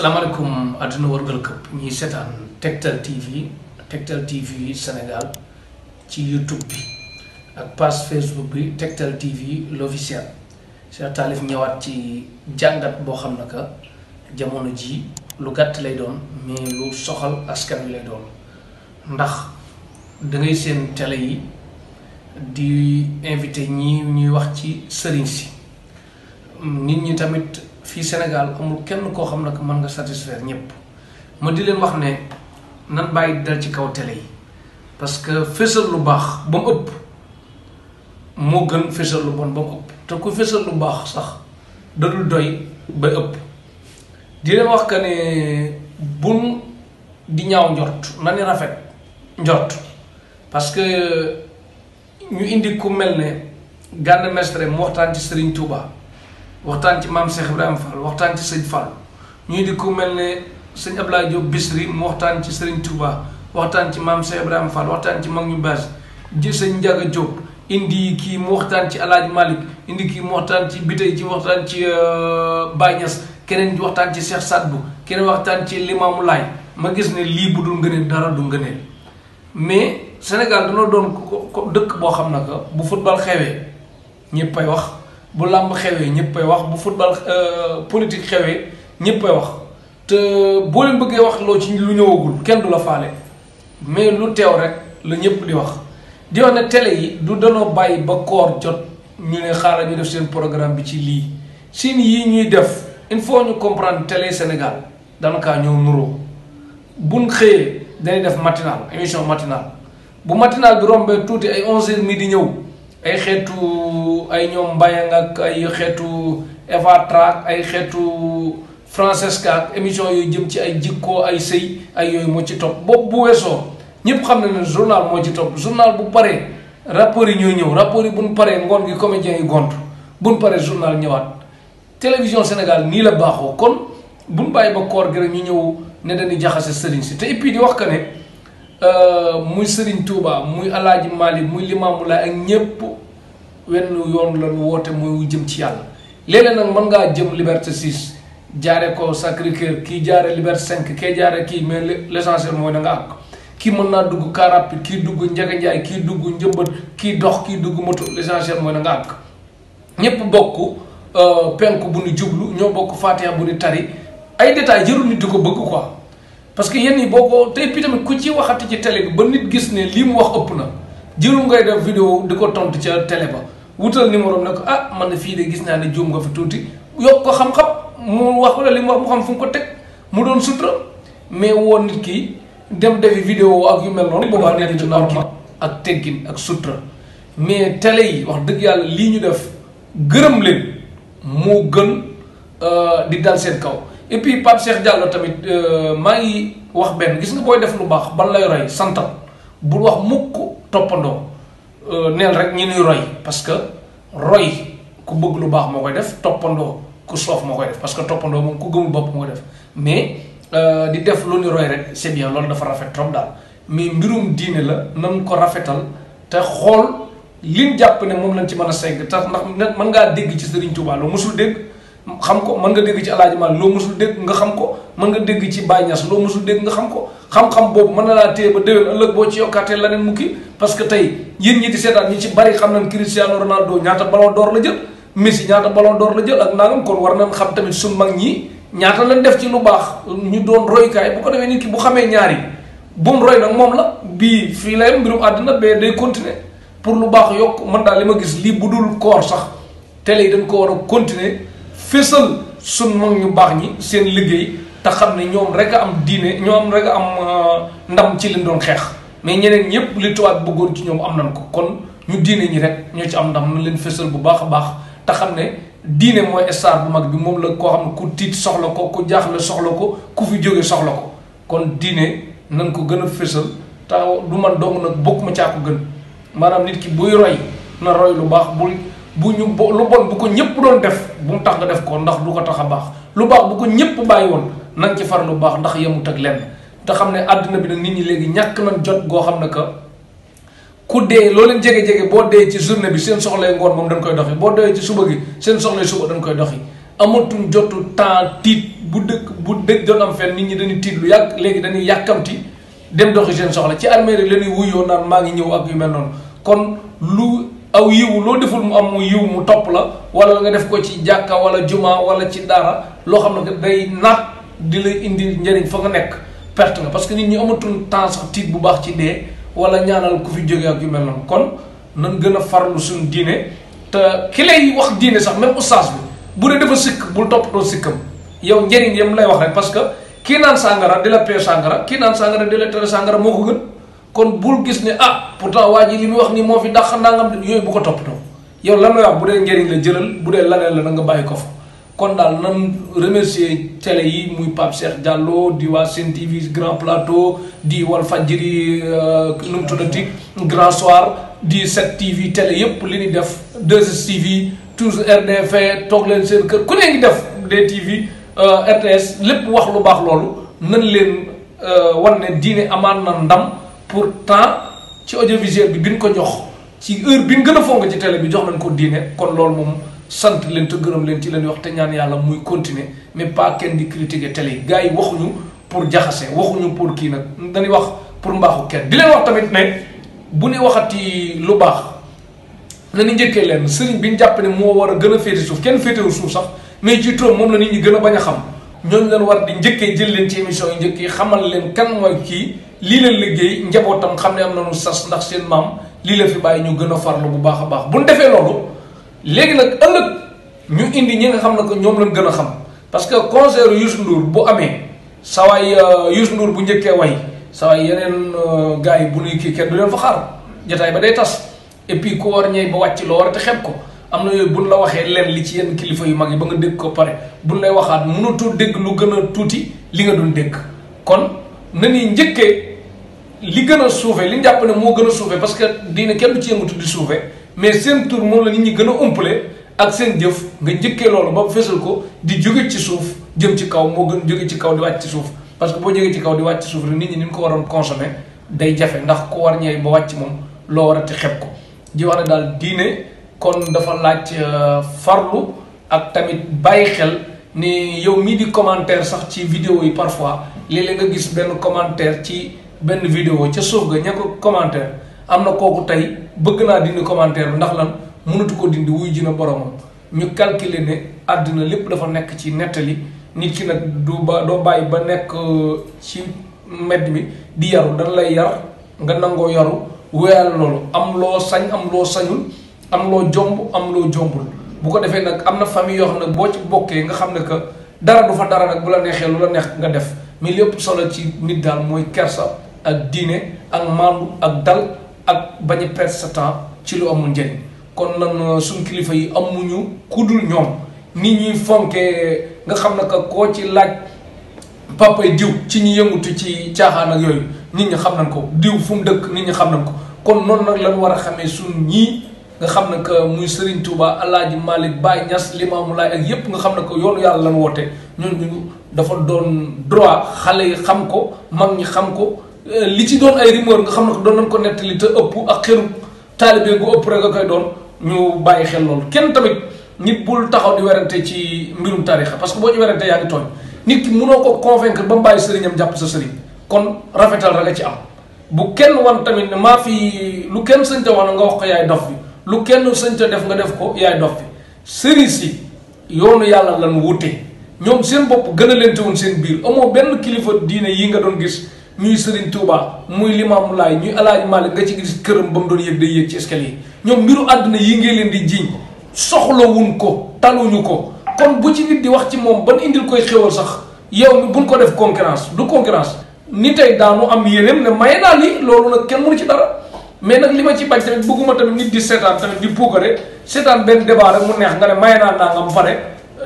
salaamaaleykum àdduna wërgal këpp ñuy seetaan Tektal TV Tektal TV Sénégal ci YouTube bi ak page Facebook bi Tektal TV l'officiel Cheikh Talif ñëwaat ci jàngat boo xam ne que jamono ji lu gàtt lay doon mais lu soxal askan wi lay doon ndax dangay ngay seen télé yi di invité ñi ñuy wax ci sëriñ si nit ñi tamit. fii Sénégal amul kenn koo xam na que mën nga satisfaire ñëpp ma di leen wax ne nan bàyyi dal ci kaw télé yi parce que fésal lu baax bam ëpp moo gën fésal lu bon ba ëpp te ko fésal lu baax sax dadul doy ba ëpp di leen wax que ne bun di ñaaw njort na ni rafet njort parce que ñu indi ku mel ne Gana Mestre mu waxtaan ci Serigne Touba. waxtaan ci maam Cheikh Ibrahima Fall waxtaan ci sëñ Fall ñuy di ku mel ne sëñ Abdoulaye Diop Bisri mu waxtaan ci sëriñ Touba waxtaan ci maam Cheikh Ibrahima Fall waxtaan ci mag ñu baax ji sëñ Ndiaga Diop indi kii mu waxtaan ci El Hadj indi ki mu waxtaan ci Bitey ci waxtaan ci euh, Baye Niass keneen waxtaan ci Cheikh Sadbu keneen waxtaan ci Limamou Laye ma gis ne lii bu dul ngëneel dara du ngëneel mais Sénégal dañoo doon dëkk boo xam ne que bu football xewee ñëppay wax. bu làmb xewee ñëppay wax bu football euh, politique xewee ñëppay wax te boo leen bëggee wax loo ci lu ñëwagul kenn du la mais lu teew rek la ñëpp di wax di wax ne télé yi du danoo bàyyi ba koor jot ñu ne xaaral ñu def seen programme bi ci lii siin yii ñuy def il faut ñu comprendre télé Sénégal danaka ñëw nuroo buñ xëyee dañuy def matinal émission matinal bu matinal bi rombee tuuti ay onze ni di ñëw ay xeetu ay ñoom mbay ak ay xeetu Eva Trac ay xeetu Francesca ak émission yooyu jëm ci ay jikkoo ay sëy ay yooyu moo ci topp bopp bu weesoo ñëpp xam na ne journal moo ci topp journal bu paree rapport yi ñooy ñëw rapport yi buñ paree ngoon gi comédiens yi gont buñ paree journal ñëwaat télévision Sénégal nii la baaxoo kon buñ bàyyi ba koor gi rek ñu ñëw ne dañuy jaxase sëriñ si te et puis di wax que ne Euh, muy Serigne Touba muy Alaaji Malick muy Limaamu Laay ak ñépp wenn yoon la woote muy jëm ci yàlla léeg nag mën ngaa jëm liberté 6 jaare ko Sacré-Cœur kii jaare liberté 5 kee jaare kii mais l'essentiel mooy da nga àgg kii mën naa dugg car rapide kii dugg Ndiaga Ndiaye kii dugg njëmbat kii dox kii dugg moto l'essentiel mooy da nga àgg ñépp bokk euh, penku bu ñu jublu ñoo bokk Fatiha bu ñu tari ay détails jërul nit ko bëgg ko parce que yenn yi boo ko tey bii tamit ku ci waxati ci télé bi ba nit gis ne lii mu wax ëpp na jëlu ngay def vidéo di ko tontu ca télé ba wutal numéro am ah man na fii de gis naa ne juum nga fi tuuti yokk ko xam-xam mu wax wala li mu wax mu xam fu mu ko teg mu doon sutura mais woon nit ki dem defi vidéo ak yu mel noonu. boobaa nit ci ak teggin ak sutura mais télé yi wax dëgg yàlla lii ñu def gërëm leen moo gën euh, di dal seen kaw. et puis Pape Cheikh Diallo tamit euh, maa ngi wax benn gis nga booy def lu baax ban lay roy santal bul wax mukk toppandoo euh, neen rek ñi nuy roy parce que roy ku bëgg lu baax moo koy def toppandoo ku soof moo koy def parce que toppandoo moom ku gëmul bopp moo def mais euh, di def lu ñu roy rek c'est loolu dafa rafet trop daal mais mbirum diine la nan ko rafetal te xool liñ jàpp ne moom lañ ci mën a segg tax ndax mën ngaa dégg ci Serigne Touba loo mosul dégg. xam ko mën nga dégg ci alaaji Maalik loo mosul dégg nga xam ko mën nga dégg ci Baay Ñas loo mosul dégg nga xam ko xam-xam boobu mën na laa téye ba déwén ëllëg boo ci yokkaatee leneen mu kii parce que tey yéen ñi di seetaan ñi ci bari xam nañ Cristiano Ronaldo ñaata ballon d'or la jël Messi ñaata ballon d'or la jël ak nangam kon war nañ xam tamit suñu mag ñi ñaata lañ def ci lu baax ñu doon roykaay bu ko defee nit ki bu xamee ñaari bu mu roy nag moom la bii fii lay mbirum àddina bee day continuer pour lu baax yokk man daal li ma gis lii bu dul koor sax télé yi dañ ko war a continuer fésal suñ mag ñu baax ñi seen liggéey te xam ne ñoom rek am diine ñoom rek am uh, ndam ci liñ doon xeex mais ñeneen ñëpp li bëggoon ci ñoom am nañ ko kon ñu diine ñi rek ñoo ci am ndam na leen fésal bu baax a baax te xam ne diine mooy star bu mag bi moom la koo xam ne ku tiit soxla ko ku jaaxle soxla ko ku fi jóge soxla ko kon diine nan ko gën a fésal te du man dong nag bokk ma caa ko gën maanaam nit ki buy roy na roy lu baax bul bu ñu boo lu bon bu ko ñëpp doon def bu mu tax nga def ko ndax du ko tax a baax lu baax bu ko ñëpp bàyyi woon na ci far lu baax ndax yemut ak lenn te xam ne àddina bi nag nit ñi léegi ñàkk nañ jot goo xam ne que ku dee loo leen jege-jege boo dee ci journée bi seen soxlay ngoon moom dañ koy doxi boo dee ci suba gi seen soxla suba dañ koy doxi amatuñ jotu temps tiit bu dëkk bu dëkk doon am fenn nit ñi dañu tiit lu yàgg léegi dañuy yàkkamti dem doxi seen soxla ci armée rek la ñuy wuyoo naan maa ngi ñëw ak yu mel noonu kon lu aw yiw loo deful mu am mu yiw mu topp la wala nga def ko ci jàkka wala juma wala ci daara loo xam ne day na di la indi njëriñ foo nga nekk perte nga parce que nit ñi amatul temps sax tiit bu baax ci dee wala ñaanal ku fi jóge ak yu noonu kon nan gën a farlu suñu diine te ki lay wax diine sax même oustaz bi bu dee dafa sikk bul toppatoo sikkam yow njëriñ yam lay wax rek parce que kii naan sàngara di la pee sàngara kii naan sàngara di la tere sàngara moo ko gën kon bul gis ne ah pourtant waa ji li muy wax nii moo fi dàq nangam yooyu bu ko toppatoo yow lan la wax bu dee njëriñ la jëlal bu la na nga bàyyi ko fa kon daal nan remercier tele yi muy Pape Cheikh Diallo di waa Sen TV Grand Plateau di Walfadjri euh, nu mu tuddati Grand Soir di 7TV télé yépp li ñuy def 2STV tous RDF toog leen seen kër ku ne ngi def DTV euh, RTS lépp wax lu baax loolu nan leen euh, wan ne diine amaan na ndam pour temps ci audiovisuel bi bi ñu ko jox ci heure bi ñu gën a fonk ci télé bi jox nañ ko diine kon loolu moom sant leen te gërëm leen ci leen wax te ñaan yàlla muy continuer mais pas kenn di critiquer télé yi gars yi waxuñu pour jaxase waxuñu pour kii nag dañuy wax pour mbaaxu kenn di leen wax tamit ne bu waxat yi lu baax na ñu njëkkee leen sëriñ bi ñu jàpp ne moo war a gën a féete suuf kenn féetewul suuf sax mais ci turam moom la nit ñi gën a bañ a xam. ñooñu leen war di njëkkee jël leen ci émission yi njëkkee xamal leen kan mooy kii lii leen liggéey njabootam xam ne am nañu sas ndax seen maam lii la fi bàyyi ñu gën a farlu bu baax a baax bu ñu defee loolu léegi nag ëllëg ñu indi ñi xam na ko ñoom lañ gën a xam parce que concert Youssou Ndour bu amee sawaay euh, Youssou Ndour bu njëkkee way sawaay yeneen euh, gars yi bu ñuy kii kenn du leen fa xaar jotaay ba day tas et puis ku war ñëw ba wàcc loo war te xeeb ko am na yooyu buñ la waxee leen li ci yenn kilifa yu mag yi ba nga dégg ko pare buñ lay waxaat mënatoo dégg lu gën a tuuti li nga doon dégg kon na ni njëkkee li gën a suufee li ñu moo gën a suufee parce que diine kenn du ci yëngatu di suufee mais seen moom la nit ñi gën a umpale ak seen jëf nga njëkkee loolu ba fésal ko di jóge ci suuf jëm ci kaw moo gën jóge ci kaw di wàcc ci suuf parce que boo jógee ci kaw di wàcc ci suuf rek nit ñi ni ñu ko waroon consommer day jafe ndax ku war ñeey ba wàcc moom loo war a te xeb ko di wax ne daal diine kon dafa laaj euh, farlu ak tamit bàyyi xel ni yow mii di commentaire sax ci vidéo yi parfois léeg-léeg nga gis benn commentaire ci benn vidéo ca suuf ga ko commentaire am na kooku tey bëgg naa dindi commentaire bi ndax lan mënatu ko dindi wuy ji na boromam ñu calculer ne àddina lépp dafa nekk ci nettali nit ki nag du doo bàyyi ba nekk euh, ci mbedd mi di yaru dañ lay yar nga nangoo yaru wéyal loolu am loo sañ am loo sañul am loo jomb am loo jombul bu ko defee nag am na famille yoo xam ne boo ci bokkee nga xam ne que dara du dara nag bu la neexee lu la neex nga def mais lépp solo ci nit daal mooy kersa ak diine ak maandu ak dal ak bañ a temps ci lu amul kon nan euh, kilifa yi amuñu kudul ñoom nit ñuy fonkee nga xam ne koo ci laaj papay diw ci ñi yëngutu ci caaxaan ak yooyu nit ñi xam nañ ko diw fu dëkk nit ñi xam nañ ko kon noonu nag lan war a xamee suñ ñii nga xam ne que muy Serigne Touba El Hadj Malick Baye Niass Limamou Laye ak yépp nga xam ne ko yoonu yàlla lan woote ñooñu dafa doon droit xale yi xam ko mag ñi xam ko euh, li ci doon ay rumeur nga xam na que doon nañ ko nettali te ëpp ak xëru taalibe gu ëpp rek a koy doon ñu bàyyi xel loolu kenn tamit nit bul taxaw di werante ci mbirum tarixa parce que boo ñu werante yaa ngi tooñ nit ki mënoo ko convaincre ba mu bàyyi sëriñam jàpp sa sëriñ kon rafetal rek a ci am bu kenn wan tamit ne maa fi lu kenn sëñ te wax na nga wax lu kenn sañta def nga def ko yaay dox fi yi si yoonu yàlla lan wute ñoom seen bopp gën a lente woon seen biir amoo benn kilifa diine yi nga doon gis ñuy sëriñ Touba muy Limaamu Laay ñuy Alaaji Maalik nga ci gis këram ba mu doon yëg day yëg ci escalier ñoom mbiru àdduna yi ngay leen di jiiñ soxlawuñ ko taluñu ko kon bu ci nit di wax ci moom ban indil koy xéwal sax yow mi buñ ko def concurrence du concurrence ni tey daanu am yéeneem ne maye naa lii loolu nag mais nag li ma ci bañ tamit bëgguma tamit nit di seetaan tamit di puukare seetaan benn débat rek mu neex nga ne maye naa naa nga mu pare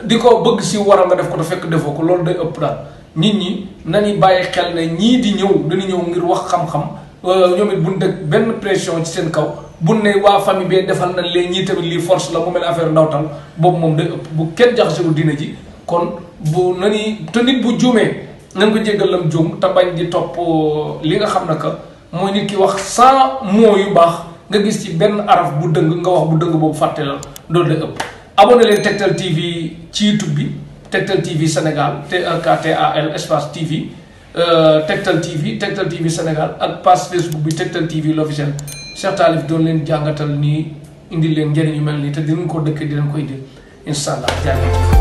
di ko bëgg si waral nga def ko te fekk defoo ko loolu day ëpp daal nit ñi nañu bàyyi xel ne ñii di ñëw dañu ñëw ngir wax xam-xam euh, ñoom it benn pression ci seen kaw buñ ne waa famille bee defal na leen ñii tamit lii force la mu mel affaire ndawtal boobu moom day ëpp bu kenn jaxasewul dina ji kon bu nañuy te nit bu juumee nañ ko jéggal lam juum te bañ di topp euh, li nga xam ne ka mooy nit ki wax saa mots yu baax nga gis ci benn araf bu dëng nga wax bu dëng boobu fàtte la loolu la ëpp. abonné leen Tektal TV ci YouTube bi Tektal TV Sénégal T E K T A L espace TV euh, Tektal TV Tektal TV Sénégal ak page Facebook bi Tektal TV l'officiel Cheikh Talif doon leen jàngatal nii indi leen njëriñ yu mel nii te dinañ ko dëkk di ko koy incha allah jaajëf